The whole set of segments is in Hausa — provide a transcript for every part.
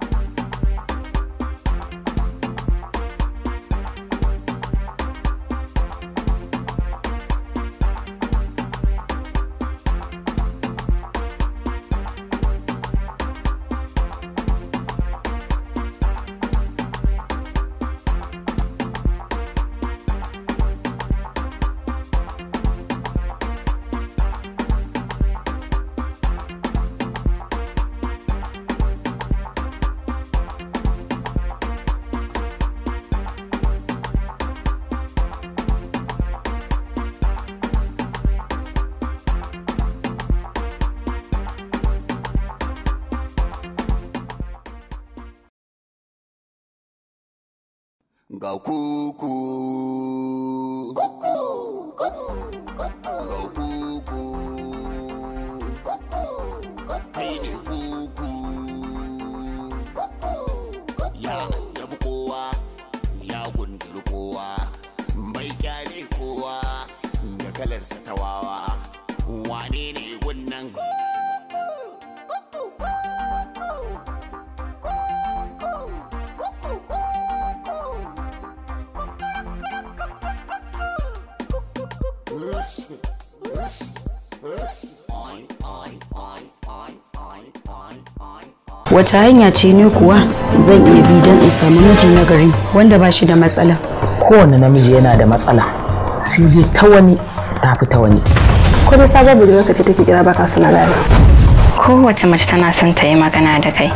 Bye. ga kuku kai ne kuku ya annabi kowa ya gundul kowa bai kyale kowa da kalarsa ta wawa wata hanya ce ne kuwa zan iya bi don in samu miji na gari wanda ba shi da matsala kowane namiji yana da matsala sai dai ta wani ta fi ta wani ko dai sabon budurwa ka ce take kira baka suna gari kowace mace tana son ta yi magana da kai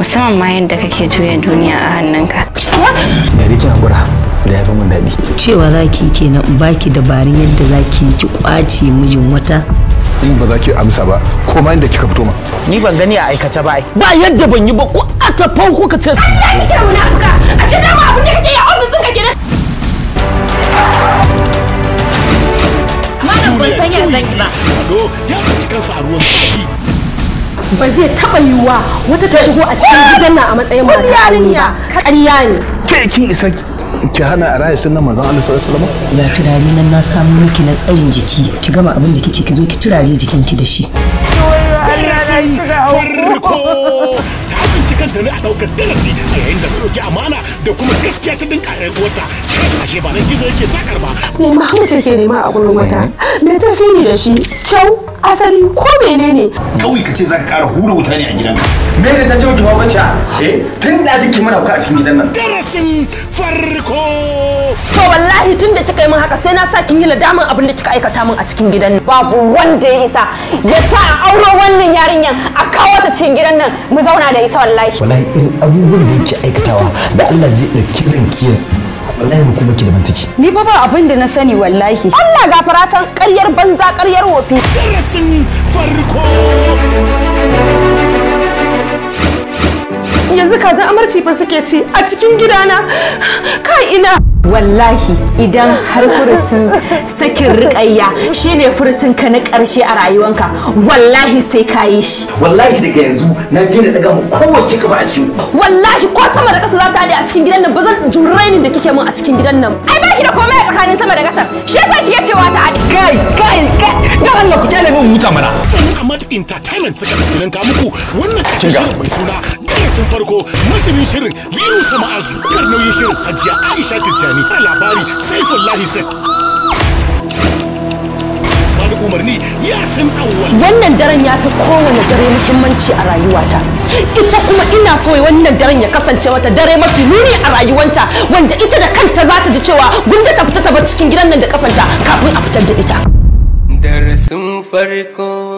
musamman ma yadda kake juya duniya a hannunka da rike hakura da ya fi mun daɗi cewa za ki kenan ki dabarun yadda ki ki kwace mijin wata in ba za ki amsa ba ko ma inda kika fito ma ni ban gani a aikace ba ai ba yadda ban yi ba ko a tafan ko ka ce Allah ya kira munafuka a ce dama abin da kake yi a office ɗinka kenan malam ban san ya zan yi ba ya faci kansa a ruwan sabi ba zai taɓa yiwuwa wata ta shigo a cikin gidan nan a matsayin mata aure ba ƙarya ne ke kin isa ki hana a raya sunan manzon Allah sallallahu alaihi wasallam ga turare nan na samu miki na tsayin jiki ki gama abin da kike ki zo ki turare jikinki da shi farko kanta ne a daukar darasi a yayin da roki amana da kuma gaskiya ta dinka ƴan uwarta rashin ashe ba nan gizo yake sakar ba me Muhammad yake nema a gurin wata me tafi ni da shi kyau asali ko menene kawai ka ce zaka kara hura wuta ne a gidan me da ta ce ki ma eh tun da k'i mana a cikin gidan nan darasin farko wallahi tun da kika yi min haka sai na sa kin yi nadamin abin da kika aikata min a cikin gidan nan babu wanda ya isa ya sa a auro wannan yarinyan a kawo ta cikin gidan nan mu zauna da ita wallahi wallahi irin abubuwan da yake aikatawa da Allah zai dauki ranki wallahi mu kuma ki da mantaki ni fa ba abin da na sani wallahi Allah gafara ta ƙaryar banza ƙaryar wofi darasin farko yanzu kazan amarci fa suke ci a cikin gidana kai ina wallahi idan har furtun sakin rikayya shine furtun ka na karshe a rayuwanka wallahi sai ka yi shi wallahi daga yanzu na je na daga mu kowace kaba a cikin wallahi ko sama da kasa za ta a cikin gidan nan ba zan jure ni da kike mun a cikin gidan nan ai baki da komai a tsakanin sama da kasa shi yasa kike cewa ta adi kai kai kai dan Allah ku kyale min huta mana Ahmad Entertainment suka kiran ka muku wannan kashin mai suna ne sun farko mashirin shirin sama Ma'azu kar nauyin shirin Hajiya Aisha Tijjani labari labari saifullahi sai wani umarni ya san awal wannan daren ya fi kowane dare muhimmanci a rayuwata ita kuma ina so wannan daren ya kasance wata dare mafi muni a rayuwanta wanda ita da kanta za ta ji cewa gunda ta fita ta bar cikin gidan nan da kafanta kafin a fitar da ita darasin farko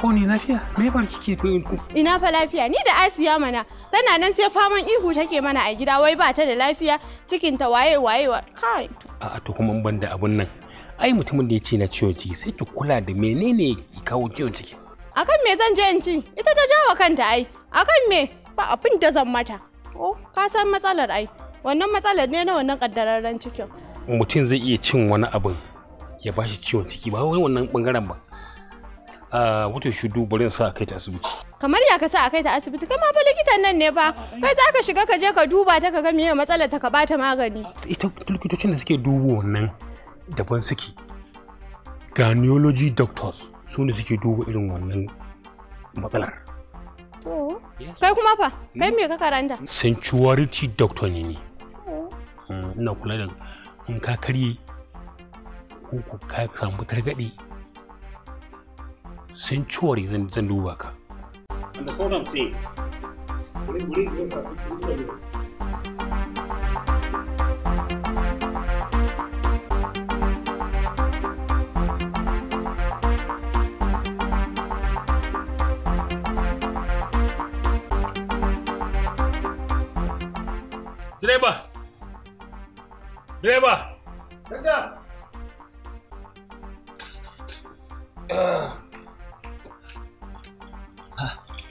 ko ni lafiya me bar kike ko ina fa lafiya ni da Asiya mana tana nan sai faman ihu take mana a gida wai ba ta da lafiya cikin ta waye waye wa kai a'a to kuma ban da abun nan ai mutumin da ya ce na ciwon ciki sai ki kula da menene ki kawo ciwon ciki akan me zan je in ci ita ta jawo kanta ai akan me ba abin da zan mata oh ka san matsalar ai wannan matsalar ne na wannan kaddararren cikin mutum zai iya cin wani abin ya bashi ciwon ciki ba wai wannan bangaren ba Eh, wuce shudu bari sa kai ta asibiti kamar ya ka sa kai ta asibiti kama fa likitan nan ne ba kai za ka shiga ka je ka duba ta ka ga meye matsalar ta ka bata magani ita likitocin da suke dubo wannan daban suke gynecology doctors su ne suke duba irin wannan matsalar kai kuma fa kai me ka karanta sanctuary doctor ne ne hmm, ina kula da in ka karye ko ka samu targade centuries in Tendubaka. And that's what I'm saying. Money, money,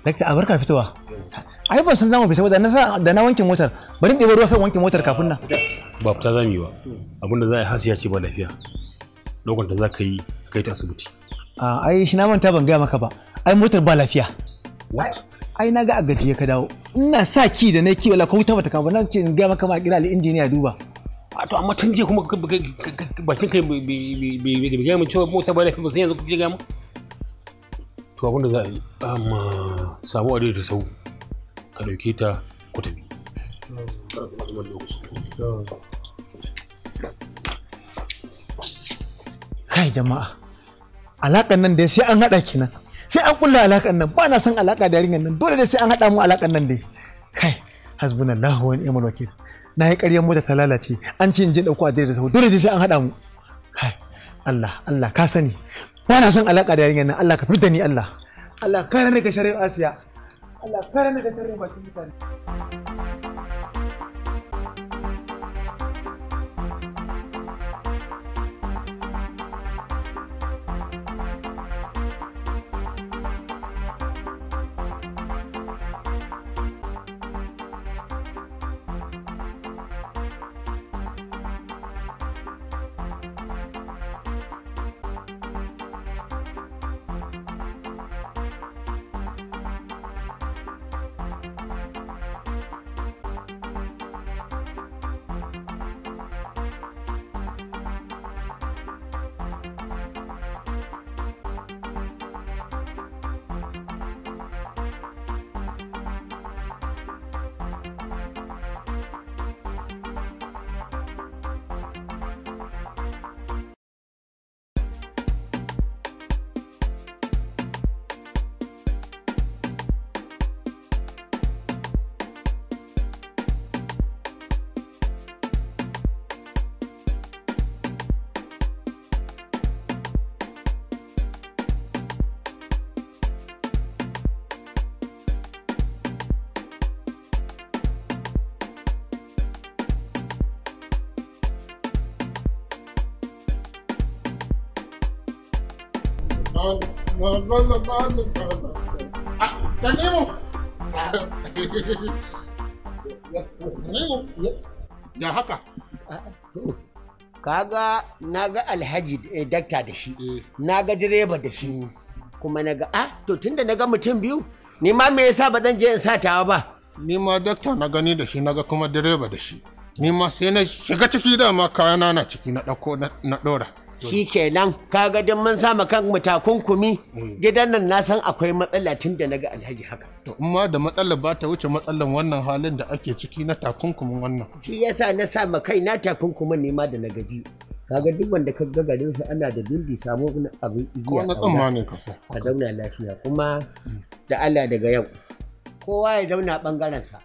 dakta a barka fitowa ai ban san zamu fita ba da na wankin motar bari ɗebo ruwa sai wankin motar kafin nan ba fita zamu yi ba abinda za a yi hasiya ce ba lafiya ɗaukar ta za ka yi kai ta asibiti a ai shi na manta ban gaya maka ba ai motar ba lafiya what ai na ga a gajiye ka dawo ina sa ki da na kiwo la ko wuta bata kama nan ce in gaya maka ma kira ali injiniya duba a to amma tun jiya kuma bakin kai bai gaya mu cewa motar ba lafiya ba sai yanzu kuke gaya mu. to abin da za a yi amma samu adai da sau ka ɗauke ta ku tafi kai jama'a alakan nan dai sai an haɗa kenan sai an kulla alakan nan ba na son alaƙa da yarinyar nan dole dai sai an haɗa mu alakan nan dai kai hasbunallahu wa ni'mal wakil na yi ƙaryar mota ta lalace an ce in je ɗauko adai da sau dole dai sai an haɗa mu kai Allah Allah ka sani ba na son alaka da yarinyar nan Allah ka fita ni Allah Allah kare ni ga shari'a Asiya Allah kare ni ga shari'a bakin mutane Ya haka? Kaga na ga alhaji eh, dakta da shi, eh. na ga direba da shi, kuma na ga, ah, to tunda na ga mutum biyu, ni ma me yasa ba zan je in sa tawa ba. Ni ma dakta na gani da shi, na ga kuma direba da shi. Ni ma sai na shiga ciki dama kayana na ciki na ɗauko na ɗora. shi kenan kaga don mun sama kan takunkumi mm. gidan nan na san akwai matsala tun da naga alhaji haka to in ma da matsala ba ta wuce matsalan wannan halin da ake ciki na takunkumin wannan shi yasa na sama kai na takunkumin ne ma da naga biyu kaga duk wanda ka ga garin sa ana da dindi samu abin igiya ko na ne ka a zauna lafiya kuma mm. da Allah daga yau kowa ya zauna ɓangarensa.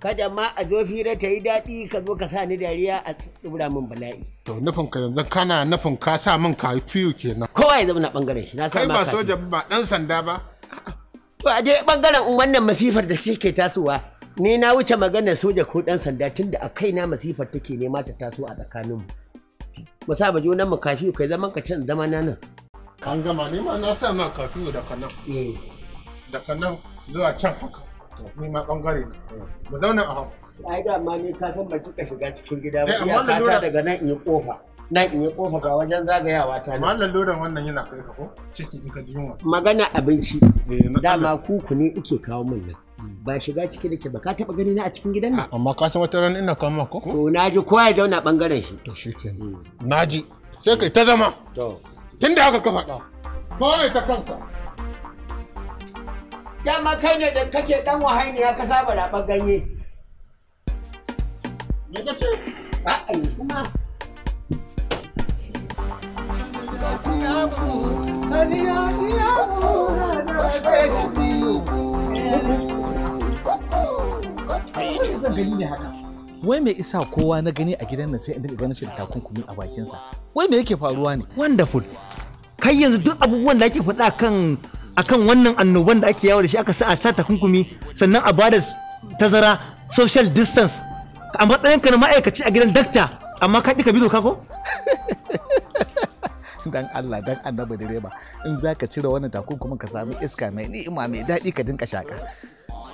Kada ma a zo fira ta yi daɗi ka zo ka sa ni dariya a tsibira min bala'i. To nufin ka yanzu kana nufin ka sa min ka fiyo kenan. Kowa ya zauna bangaren shi na sa ma Kai ba soja ba ɗan sanda ba. To a je ɓangaren wannan masifar da ke tasowa ni na wuce maganar soja ko ɗan sanda tunda a kaina masifar take nema ta taso a tsakaninmu. Mu sa ba junan mu kafiyo kai zaman ka can zama na nan. An gama ne ma na sa ma kafiyo daga nan. Eh. Daga nan zuwa can haka ni ma bangare ne mu zauna a haka ai da ma ni ka san ba cika shiga cikin gida ba eh, iyaka ta daga nan in yi kofa nan in yi kofa ga wajen zagayawa ta ne wannan loran wannan yana kai ka ko ciki in ka ji yunwa magana abinci eh, dama kuku ne ike kawo min nan ba shiga ciki da ke ba ka taba gani na a cikin gidan nan amma ka san wata ran ina kama ko to naji ko ya zauna bangaren shi to shikenan hmm. naji sai kai ta zama to tunda haka ka faɗa ai ta kansa dama kai ne da kake dan wahainiya ka saba raɓar ganye ne ka ce ai kuma Wai mai isa kowa na gani a gidan nan sai inda gani shi da takunkumi a bakinsa. Wai me yake faruwa ne? Wonderful. Kai yanzu duk abubuwan da ake faɗa kan akan wannan annoban da ake yawo da shi aka sa a sa takunkumi sannan a bada tazara social distance a ka na ma'aikaci a gidan dakta amma ka ka bi kako ko dan Allah dan annabi direba in za ka cire wannan takunkumin ka sami iska mai ni'ima mai daɗi ka dinka shaka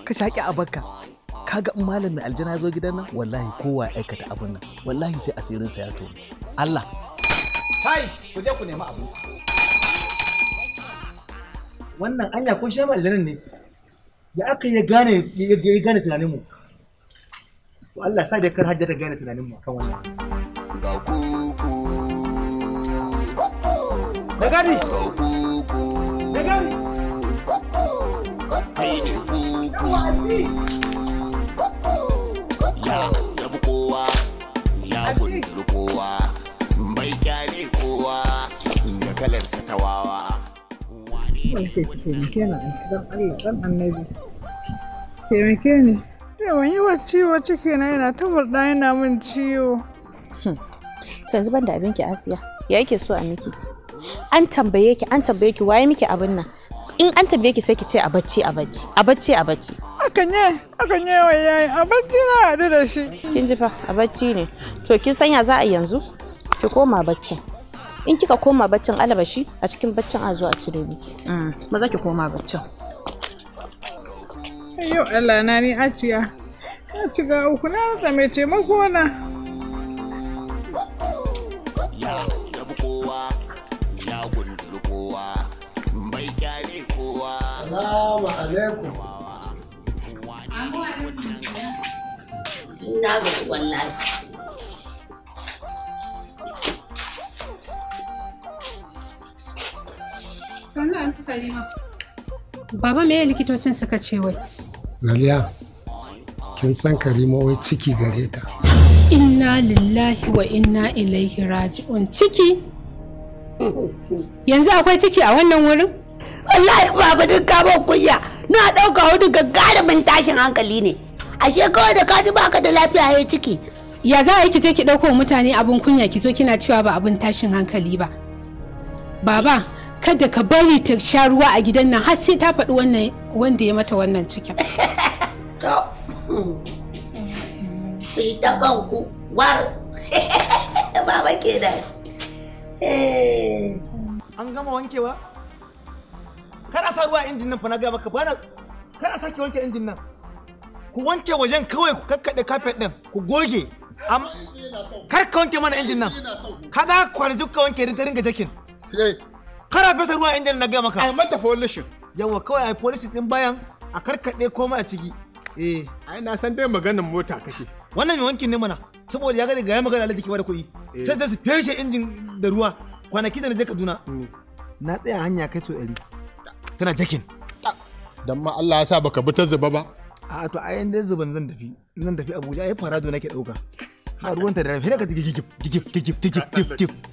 ka shaki a bakka kaga in malam aljana zo gidan nan wallahi kowa aikata abin nan wallahi sai asirin sa ya tono Allah kai ku je ku nemi abu wannan anya ko shi ma ne da aka yi gane ya gane tunaninmu Allah sa da kar hajjar da gane tunaninmu kan wannan ga kuku da da gani kai ne kuku kowa ya kowa shi ne ke wacce ke na yana tabar da yana min ciwo hmm. yanzu ban da abinki asiya ya yake so a miki an tambaye ki an tambaye ki waye miki abin nan in an tambaye ki sai ki ce a bacci a bacci a bacci a bacci akan ye akan ye wai yayi a bacci na haɗu da shi kin ji fa a bacci ne to kin sanya za a yanzu ki koma bacci in kika koma baccin alabashi a cikin baccin a zuwa cire miki mm, ba za ki koma baccin yau Allah na ni ajiya na ga uku na rasa mai taimako na ya kowa ya kowa bai kyale kowa salamu alaikum na gaji wallahi Baba me likitocin suka ce wai? Zaliya, kin san Karima wai ciki gare ta. Inna lillahi wa inna ilaihi raji'un ciki. Yanzu akwai ciki a wannan wurin? Wallahi baba duk kamar kunya. Na ɗauka hudu gagarumin tashin hankali ne. Ashe kawai da ka ji baka da lafiya ya ciki. ya za a yi kice ki ɗauko mutane abin kunya ki zo kina cewa ba abin tashin hankali ba baba kada ka bari ta sha ruwa a gidan nan har sai ta faɗi wannan wanda ya mata wannan cikin to sai ta kanku war baba ke da eh. an gama wankewa a sa ruwa injin nan fa na ga maka bana sa sake wanke injin nan ku wanke wajen kawai ku kakkaɗe kafet ɗin ku goge kar ka wanke mana injin nan kaga kwarjuk ka wanke ta ringa jakin Kana fesa ruwa injin na gaya maka. Ai mata polishin. Yawa kawai ai polishin din bayan a karkaɗe koma a ciki. Eh. Ai na san dai maganar mota kake. Wannan mai wankin ne mana saboda ya gani ga ya magana da kewa da kuɗi. Eh. Sai zai su feshe injin da ruwa kwanaki da na je Kaduna. Mm. Na tsaya hanya kai to ɗari. Tana jakin. Dan ma Allah ya sa baka bi ta zuba ba. A'a to ai dai zuban zan tafi zan tafi Abuja ai farado nake ɗauka. ruwan ruwanta da rafi ne ka gigip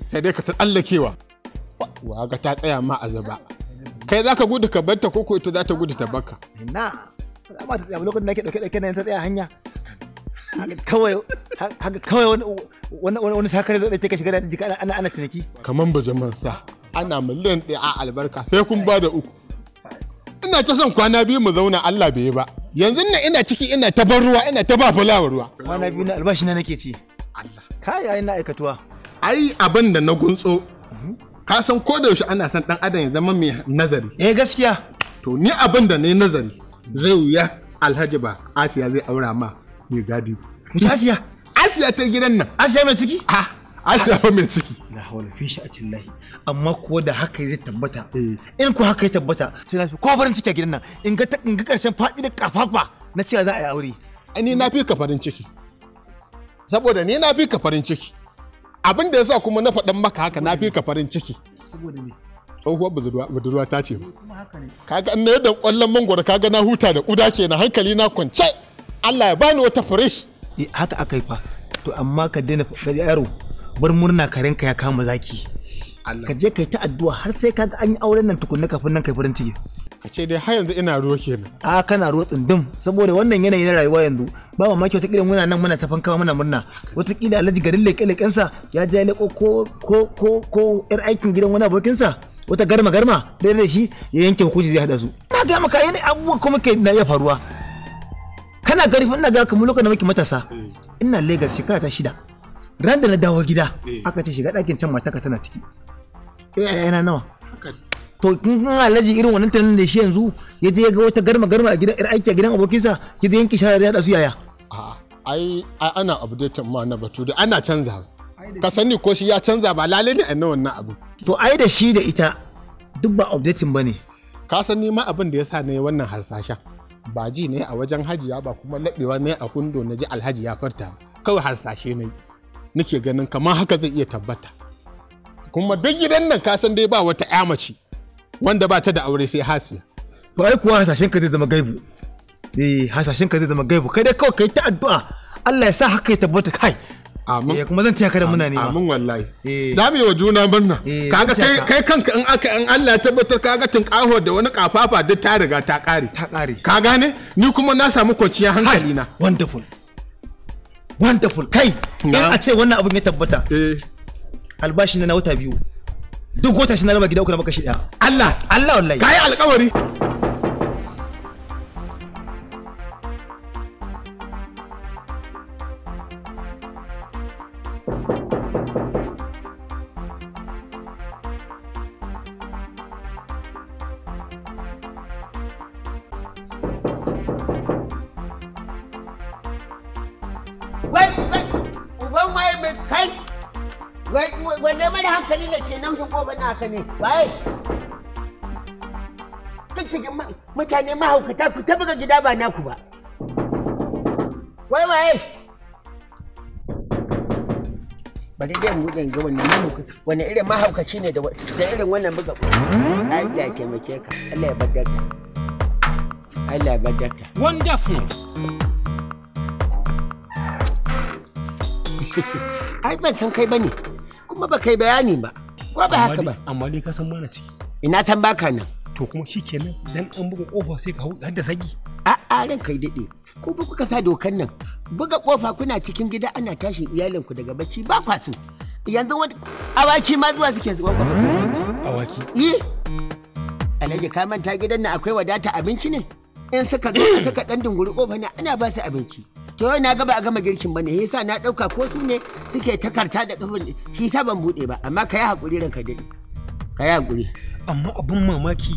ka ta tsallakewa. waga ta tsaya ma a zaba kai za ka gudu ka barta ko ita za ta gudu ta baka na za ma ta tsaya lokacin da ke dauke dauke na ta tsaya hanya haka kawai haka kawai wani sakare zai take shiga da jika ana ana tunaki kaman bajaman sa ana miliyan ɗaya a albarka sai kun ba da uku ina ta son kwana biyu mu zauna Allah bai yi ba yanzu na ina ciki ina ta bar ruwa ina ta ba fulawa ruwa kwana biyu na albashi na nake ci Allah kai ai na aikatuwa ai abin da na guntso ka san ko da yaushe ana son dan adam ya zama mai nazari eh gaskiya to ni abin da ne nazari zai wuya alhaji ba asiya zai aura ma mai gadi ita asiya asiya ta gidan nan asiya mai ciki ha ah, asiya ba mai ciki la hawla fi sha'atillahi amma kuwa da haka zai tabbata eh. in ku haka ya tabbata sai na fi ko farin ciki a gidan nan in ga ta ga karshen fadi da kafafa na cewa za a yi aure ni na fi ka farin ciki saboda ni na fi ka farin ciki abin da ya sa kuma na faɗin maka haka na fi ka farin ciki saboda me tsohuwar budurwa ta ce kaga na yadda kwallon mangoro kaga na huta da kuda na hankali na kwance Allah ya bani wata fresh eh, haka aka fa to amma ka daina yaro bar murna karenka ya kama zaki ka je yi ta addu'a har sai kaga an yi auren nan tukunna kafin nan kai farin ciki ka ce dai har yanzu ina ruwa kenan a kana ruwa tsundum saboda wannan yanayi na rayuwa yanzu ba mamaki wata kiran muna nan muna ta kama muna murna wata kila alhaji garin leke leken sa ya je ya ko ko ko ko yar aikin gidan wani abokin sa wata garma garma da da shi ya yanke hukunci zai hada su na ga maka yana abubuwa kuma ke na iya faruwa kana gari ina ga kamar lokacin da muke matasa eh. ina legas shekara ta shida ran da na dawo gida eh. aka ce shiga ɗakin can mataka tana ciki ina eh, nawa to kin alaji irin wannan tunanin da shi yanzu ya je ga wata garma garma a gidan aiki a gidan abokinsa ya je yanki shara ya da su yaya a'a ai ana update ma na batu da ana canza ka sani ko shi ya canza ba lalle ne annan wannan abu to ai da shi da ita duk ba updating bane ka san ma abin da yasa ne wannan harsasha ba ji ne a wajen hajiya ba kuma laɓewa ne a hundo na ji alhaji ya farta kawai harsashe ne nake ganin kamar haka zai iya tabbata kuma duk gidan nan ka san dai ba wata 'ya mace wanda ba ta da aure sai hasiya to ai kuwa hasashen ka zai zama gaibu eh hasashen ka zai zama gaibu kai dai kawai kai ta addu'a Allah ya sa haka ya tabbata kai amin eh, kuma zan taya ka da muna ne amin wallahi eh. za mu yi wa juna murna eh, kaga kai kai kanka in aka in Allah ya tabbatar kaga tun kaho da wani kafafa duk ta riga ta kare ta kare ka gane ni kuma na samu kwanciyar hankali na wonderful wonderful kai in a ce wannan abin ya tabbata albashi na wata biyu duk wata shi na raba gida uku na maka shi daya Allah Allah wallahi kai alƙawari ko bane ne bai kake mutane mahaukata ku ta buga gida ba naku ba wai waye bari dai mu gudun ga wannan wani irin mahaukaci ne da irin wannan buga Allah ya taimake ka Allah ya baddaka Allah ya baddaka wonderful ai ban san kai bane kuma ba kai bayani ba kuma ba haka ba amma dai ka san mana ciki ina san baka nan to kuma kenan dan an buga kofa sai ka da sagi a a ran kai dade ko ba kuka sa dokan nan buga kofa kuna cikin gida ana tashi iyalin ku daga bacci ba kwa su yanzu wani awaki ma zuwa suke zuwa kwasa awaki eh alhaji ka manta gidan nan akwai wadata abinci ne in suka zo suka dan dunguri kofa ne ana ba su abinci to yau na gaba a gama girkin bane shi yasa na dauka ko su ne suke takarta da kafin shi yasa ban bude ba amma kai hakuri ranka ka kai hakuri amma abun mamaki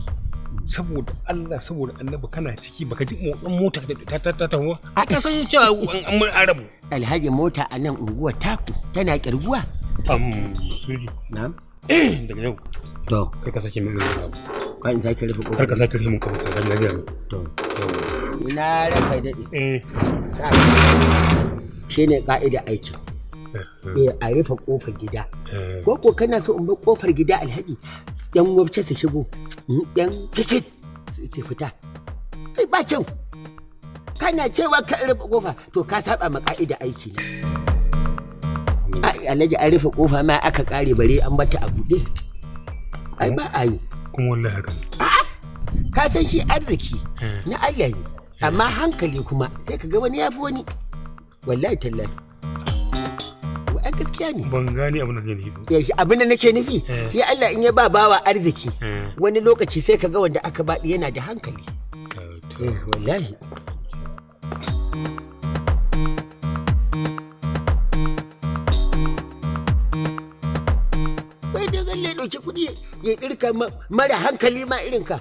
saboda Allah saboda annabi kana ciki baka ji motsin mota da ta ta ta wa a ka san cewa an mun arabu alhaji mota a nan unguwa taku tana kirguwa am na'am Eh, daga yau to kar ka sake min wani abu kai in sake rufe kar ka sake rufe min kawai kan lafiya ne to Ina rafa daɗi eh shine ka'ida aikin eh, eh. a rufe kofar gida ko ko kana so in bar kofar gida alhaji yan wabce su shigo yan mm, fikit su fita ai ba kyau kana cewa ka rufe kofa to ka saba ma ka'ida aiki na alhaji an rufe kofa ma aka kare bare an bata a bude ai ba a yi kuma wallahi haka a'a ka san shi arziki eh. na Allah ne eh. amma hankali kuma sai ka ga wani ya fi wani wallahi tallahi a gaskiya ne ban gani abin da nake nufi eh, abin da nake nufi ya Allah in ya ba bawa arziki wani lokaci sai ka ga wanda aka baɗi yana da hankali wallahi bi ya ɗirka mara hankali ma irin ka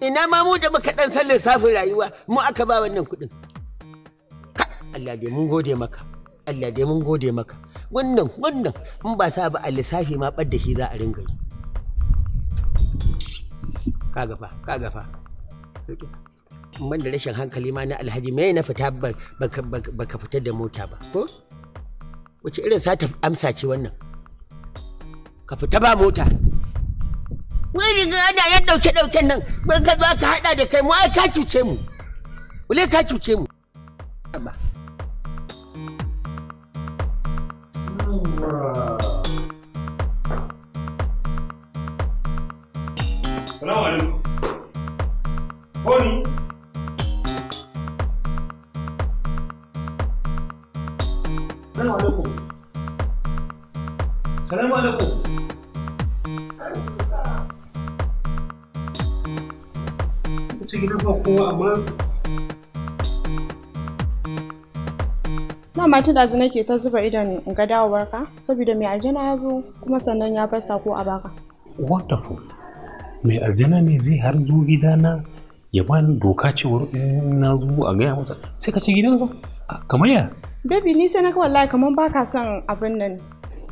ina ma mu da muka ɗan san lissafin rayuwa mu aka ba wannan kuɗin Allah dai mun gode maka Allah dai mun gode maka wannan wannan in ba sa ba a lissafi ma ɓad da shi za a ringa yi ka gafa ka gafa man da rashin hankali ma na alhaji me na fita baka fitar da mota ba ko wace irin sata amsa ce wannan ka fita ba mota wai riga ana yan dauke dauken nan ban ka zo ka hada da kai mu ai ka cuce mu wale ka cuce mu Salamu alaikum. Salamu alaikum. Salamu alaikum. ita gidan ba kowa amma nake ta zuba idon in ga dawowar ka saboda mai aljana ya zo kuma sannan ya bar sako a baka wonderful mai aljana ne zai har zo gidana ya ni doka cewar na zo a gaya masa sai ka ci gidansa kamar ya baby ni sai na ga wallahi kamar baka son abin nan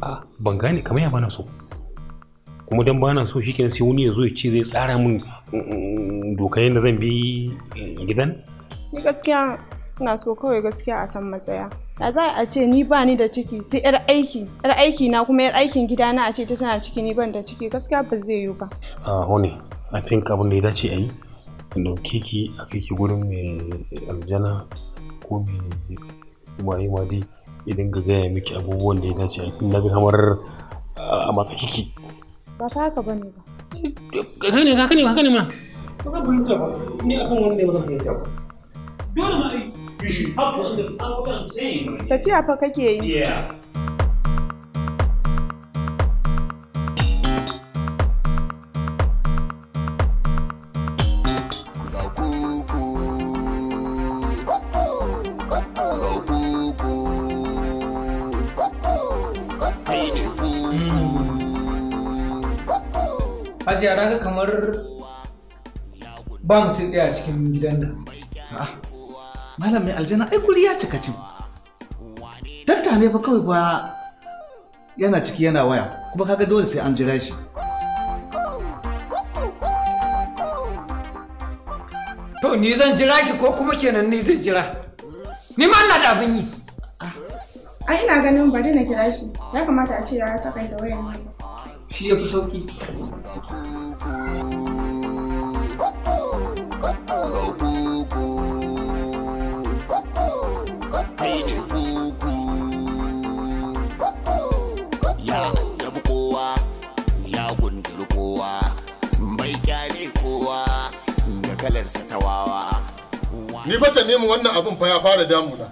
a ban gane kamar ya bana so kuma dan bana so shi kenan sai wani ya zo ya ce zai tsara min mm, doka yadda zan bi gidan ni gaskiya ina so kawai gaskiya a san matsaya da za a ce ni ba ni da ciki sai yar aiki yar aiki na kuma yar aikin gida na a ce ta tana ciki ni ban da ciki gaskiya ba zai yiwu ba a hone a think abin da ya dace a yi in dauke ki a kai ki gurin mai aljana ko mai waye ma idan ga gaya miki abubuwan da ya dace a cikin na kamar a kiki. ba fa haka bane ba haka ne haka ne haka ne ma ba ka fahimta ba ni akan wani ne ba fahimta ba dole ma ai tafiya fa kake yi yeah Hajiya na ga kamar ba mutum ɗaya a cikin gidan nan. Malam mai aljana ai guri ya cika cin. Tattale ba kawai ba yana ciki yana waya kuma kaga dole sai an jira shi. To ni zan jira shi ko kuma kenan ni zai jira. Ni ma ina da abin yi. Ai ina ganin bari na kira shi. Ya kamata a ce ya takaita wayan nan. Shi ya fi sauki. shine kuku ya kowa ya gundiri kowa bai kyale kowa da kalarsa ta wawa ni ba ta nemi wannan abin fa ya fara damuna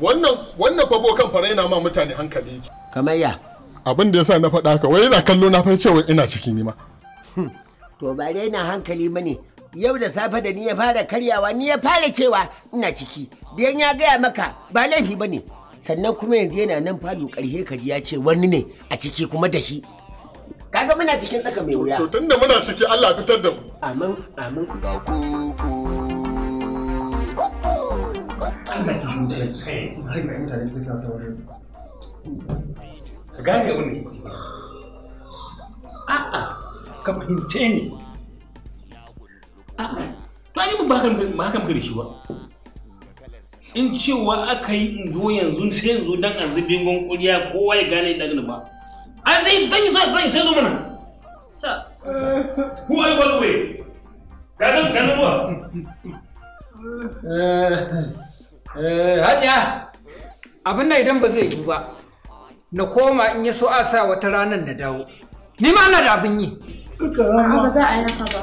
wannan wannan fa bokan fara yana ma mutane hankali kamar ya abin da yasa na faɗa ka wai yana kallo na fa cewa ina ciki ni ma hmm. to ba dai na hankali mane yau da safe da ni ya fara karyawa ni ya fara cewa ina ciki da ya gaya maka ba laifi ba ne sannan kuma yanzu yana nan falo karhe kaji ya ce wani ne a ciki kuma da shi kaga muna cikin daka mai wuya to tunda muna ciki Allah fitar da mu amin amin ga kuku ka gane wani a'a ka fahimce ni to ni ba hakan ba hakan da shi ba in cewa aka yi in zo yanzu sai yanzu dan azubin gonkuliya kowa ya gane dan ba an sai zan yi zan yi sai zo mana sa who are you by the way ga zan ga nan ba eh, eh hajiya abin nan idan ba zai yi ba na koma in ya so a sa wata ranar na dawo ni ma na da abin yi ba za a yi haka ba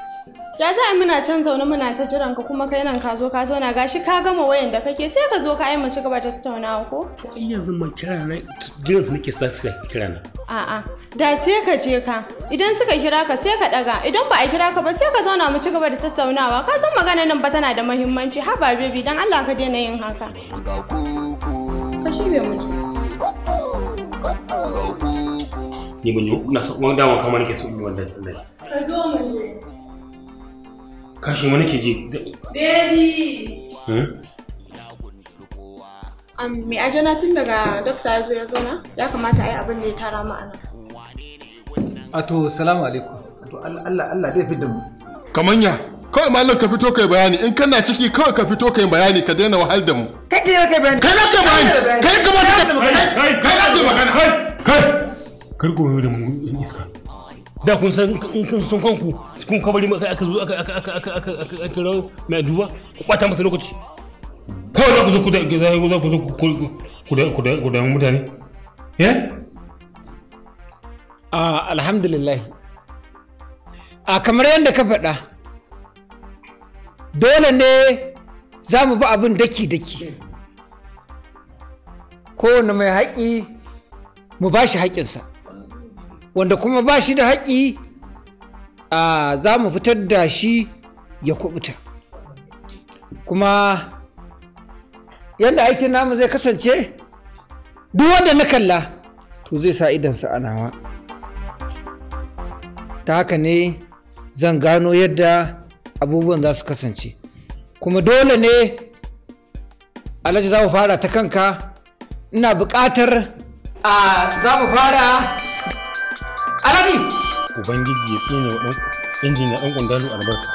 Ya za a muna can zaune muna ta jiran ka kuma kai nan ka zo ka zauna gashi ka gama wayan da kake sai ka zo ka aima ci gaba da tattaunawa ko? in yanzu mun kira na girls nake sa su kira na. A'a da sai ka je ka idan suka kira ka sai ka daga idan ba a kira ka ba sai ka zauna mu ci gaba da tattaunawa ka san magana nan ba tana da muhimmanci ba baby dan Allah ka daina yin haka. Ka shirye mu. Ni ban yi, na so dama kamar nake so in yi wannan Ka zo mu. Kashin wani ke ji. Baby! Um, a ajana tun daga dokta ya zo ya zauna ya kamata a yi abin da ya tara ma'ana Ato, salamu alaikum. Ato, Allah, Allah zai fi da mu. Kamanya, kawai malam ka fito kai bayani in kana ciki kawai ka fito kai bayani ka daina wahal da mu. Kai ka kai bayani. Kai kai bayani. Kai ka kai Kai kai kai Kai. Kai. kai kai kai kai iska. da kun san kun sun kanku kun ka bari aka aka aka aka aka aka aka aka kira mai duba ku kwata masa lokaci ko za ku zo ku da za ku zo ku da ku da ku da mutane eh a alhamdulillah a kamar yadda ka faɗa dole ne za mu bi abin daki-daki kowane mai haƙi mu ba shi haƙinsa wanda kuma ba shi da haƙƙi za mu fitar da shi ya kubuta kuma yadda aikin namu zai kasance duk wanda na kalla to zai sa idansa a nawa ta haka ne zan gano yadda abubuwan za su kasance kuma dole ne alhaji za mu fara ta kanka ina buƙatar a za mu fara kai ubangiji ya tsine wa dan injiniya dan kundalu albarka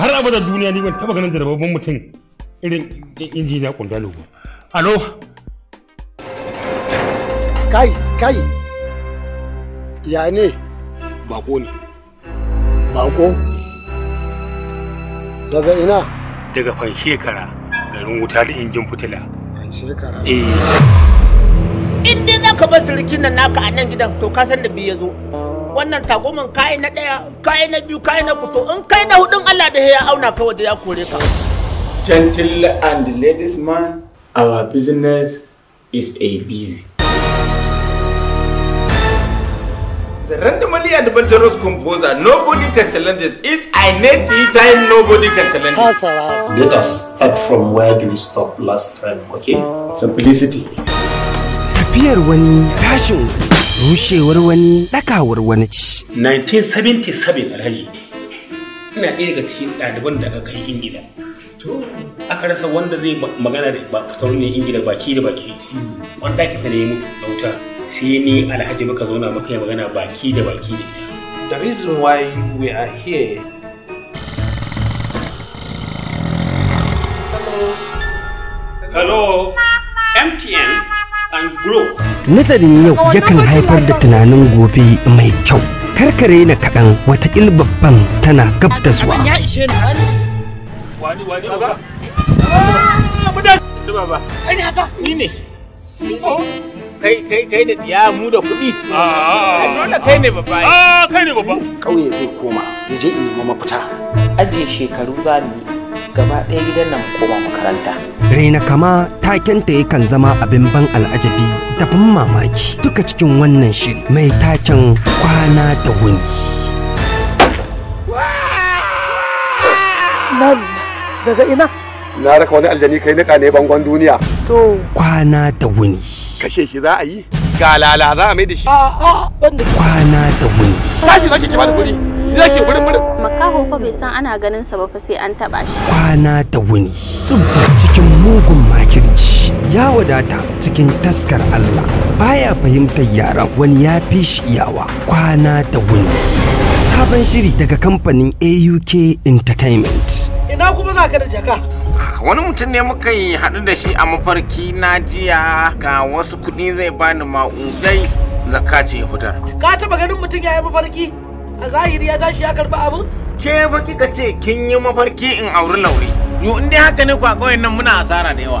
har abada duniya ni ban taba ganin jarababban mutum irin injiniya kundalu ba alo kai kai ya ne bako ne bako daga ina daga fan shekara garin wuta da injin fitila fan shekara eh in dai za ka bar sirikin nan naka a nan gidan to ka san da biyu ya zo wannan tagoman kai na ɗaya kai na biyu kai na kuto in kai na hudun Allah da ya auna ka wanda ya kore ka. Gentle and ladies man, our business is a busy. The randomly adventurous composer, nobody can challenge this. It's I need time, nobody can challenge this. Let us start from where we stopped last time, okay? Simplicity. tafiyar wani tashin wani rushewar wani ɗakawar wani ci 1977 alhaji ina ɗaya daga cikin ɗaliban da aka kai ingila aka rasa wanda zai magana da ba saurin ingila baki da baki wanda ake ta ne mutu da wuta sai ni alhaji muka zauna muka yi magana baki da baki da ita the reason why we are here hello hello mtn Nazarin yau yakan haifar da tunanin gobe mai kyau. Karkare na kaɗan wata babban tana gab da zuwa. Ah, kai kai kai da diya mu da kuɗi. Ah. Dole kai ne babba. Ah kai ne babba. Ƙauye zai koma, ya je in nemi mafita. Ajiye shekaru za mu yi. gaba ɗaya gidan nan koma makaranta. Raina kama takenta yakan zama abin ban al'ajabi da ban mamaki duka cikin wannan shiri mai taken kwana da wuni. Nan daga ina? Na raka wani aljani kai niƙa ne bangon duniya. To. Kwana da wuni. Kashe shi za a yi? lala za a mai da shi. A'a ban da. Kwana da wuni. Tashi na ke ba da kuɗi. Ya ke burin burin. Makaho fa bai san ana ganin sa ba fa sai an taba shi. Kwana da wuni zubar cikin mugun makirci ya wadata cikin taskar Allah baya fahimtar yaran wani ya fi shi iyawa kwana da wuni. Sabon shiri daga kamfanin AUK Entertainment. Ina kuma za ka da jaka? wani mutum ne muka yi haɗu da shi a mafarki na jiya ga wasu kuɗi zai bani ma'udai zakka ce fitar. Ka taɓa ganin mutum ya yi mafarki a zahiri ya tashi ya karba abin ke fa kika ce kin yi mafarki in auri laure yo in dai haka ne kwa kauyen nan muna asara da yawa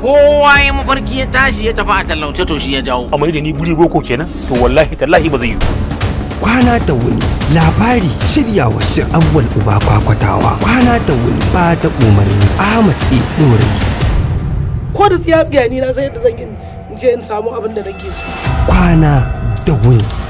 kowa ya mafarki ya tashi ya tafi a tallauce to shi ya jawo mai da ni buri boko kenan to wallahi tallahi ba zai yi kwana da wuni labari shiryawa shir awwal uba kwakwatawa kwana da wuni ba ta umarni ahmad e dorai ko da tsiya tsiya ni na sai yadda zan yi je in samu abin da nake so kwana da wuni